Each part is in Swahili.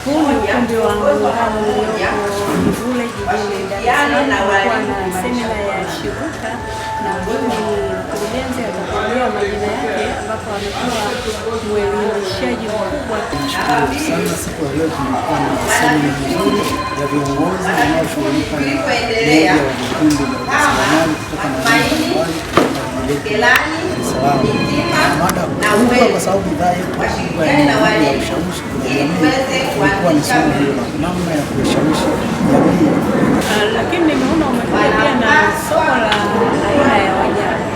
Mbule jijini Dar es Salaam semina ya shirika na mkurugenzi atakuambia majina yake, ambapo amekuwa mwelimishaji mkubwa. sana. Siku ya leo tumekuwa na semina nzuri ya viongozi wanaoshughulika na moja ya vikundi vya ujasiriamali kutoka maeneo mbalimbali, kwa sababu idhaa yetu kubwa ya ushawishi kwa jamii ilikuwa ni somo hilo namna ya kushawishi jamii, ah, lakini nimeona umekuja na somo la aina ya wanyama.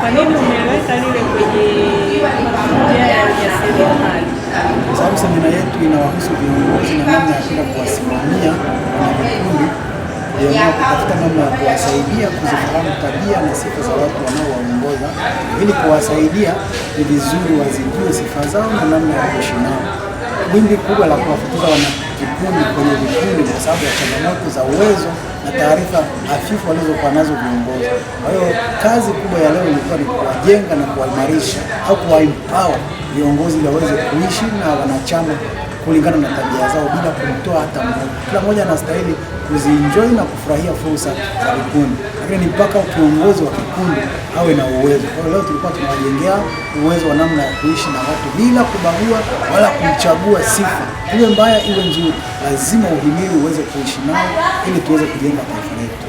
Kwa nini umeweka lile kwenye mafunzo ya ujasiriamali? Kwa sababu semina yetu inawahusu viongozi na namna ya kwenda kuwasimamia wanavikundi kutafuta namna ya kuwasaidia kuzifahamu tabia na sifa za watu wanaowaongoza ili kuwasaidia, ni vizuri wazijue sifa zao na namna ya kuishi nao wimbi kubwa la kuwafukuza wanavikundi kwenye vikundi kwa sababu ya changamoto za uwezo na taarifa hafifu walizokuwa nazo viongozi. Kwa hiyo kazi kubwa ya leo ilikuwa ni kuwajenga na kuwaimarisha au kuwaimpawa viongozi ili waweze kuishi na wanachama kulingana na tabia zao bila kumtoa hata mtu. Kila mmoja anastahili kuzienjoy na kufurahia fursa za kikundi, lakini ni mpaka kiongozi wa kikundi awe na uwezo. Kwa hiyo leo tulikuwa tunawajengea uwezo wa namna ya kuishi na watu bila kubagua wala kumchagua sifa, iwe mbaya iwe nzuri, lazima uhimili uweze kuishi nao ili tuweze kujenga taifa letu.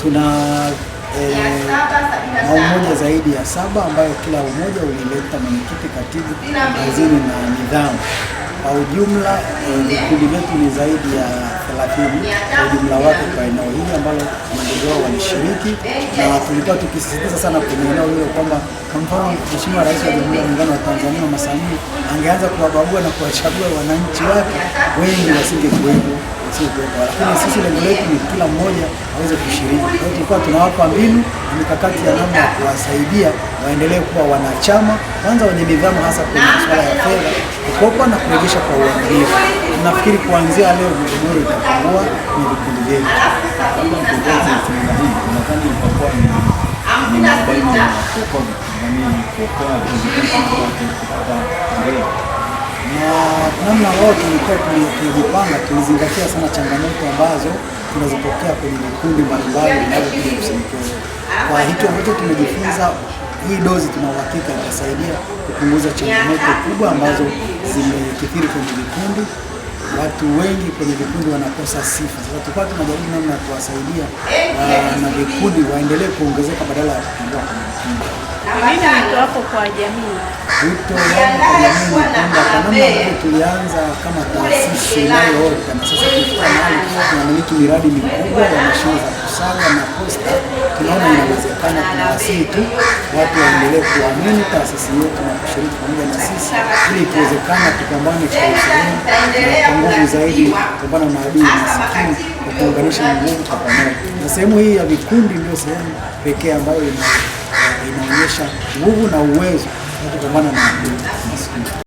Tuna Eh, maumoja zaidi ya saba ambayo kila umoja ulileta mwenyekiti, katibu, hazini na nidhamu. Kwa ujumla eh, vikundi vyetu ni zaidi ya kwa ujumla wake kwa eneo hili ambalo mandugu wao walishiriki, na tulikuwa tukisisitiza sana kwenye eneo hilo kwamba kwa mfano Mheshimiwa Rais wa Jamhuri ya Muungano wa Tanzania Mama Samia angeanza kuwabagua na kuwachagua wananchi wake wengi wasingekuwepo lakini sisi lengo letu ni kila mmoja aweze kushiriki. Kwa hiyo tulikuwa tunawapa mbinu na mikakati ya namna ya kuwasaidia waendelee kuwa wanachama kwanza wenye nidhamu, hasa kwenye masuala ya fedha, kukopa na kurejesha kwa uangalifu nafikiri kuanzia leo Bagamoyo itapangua ni vikundi vyetu na namna ambao tulikuwa tulijipanga, tulizingatia sana changamoto ambazo tunazipokea kwenye vikundi mbalimbali vinavyokuja Kwa hicho ambacho tumejifunza, hii dozi tuna uhakika itasaidia kupunguza changamoto kubwa ambazo zimekithiri kwenye vikundi watu wengi kwenye vikundi wanakosa sifa. Sasa tulikuwa tunajaribu namna ya kuwasaidia ah, na vikundi waendelee kuongezeka badala ya kupungua kwenye vikundi. Wito kwa Wito wangu kwa jamii ni kwamba kwa namna ambavyo tulianza kama taasisi inayoota na sasa tuifika mahali tunamiliki miradi mikubwa ya mashine za sala na Posta tunaona inawezekana, tunawasihi tu watu waendelee kuamini taasisi yetu na kushiriki pamoja na sisi, ili ikiwezekana tupambane kwa usalama na kwa nguvu zaidi kupambana na adui masikini na kuunganisha nguvu kwa pamoja, na sehemu hii ya vikundi ndio sehemu pekee ambayo eh, inaonyesha nguvu na uwezo wa kupambana na adui masikini.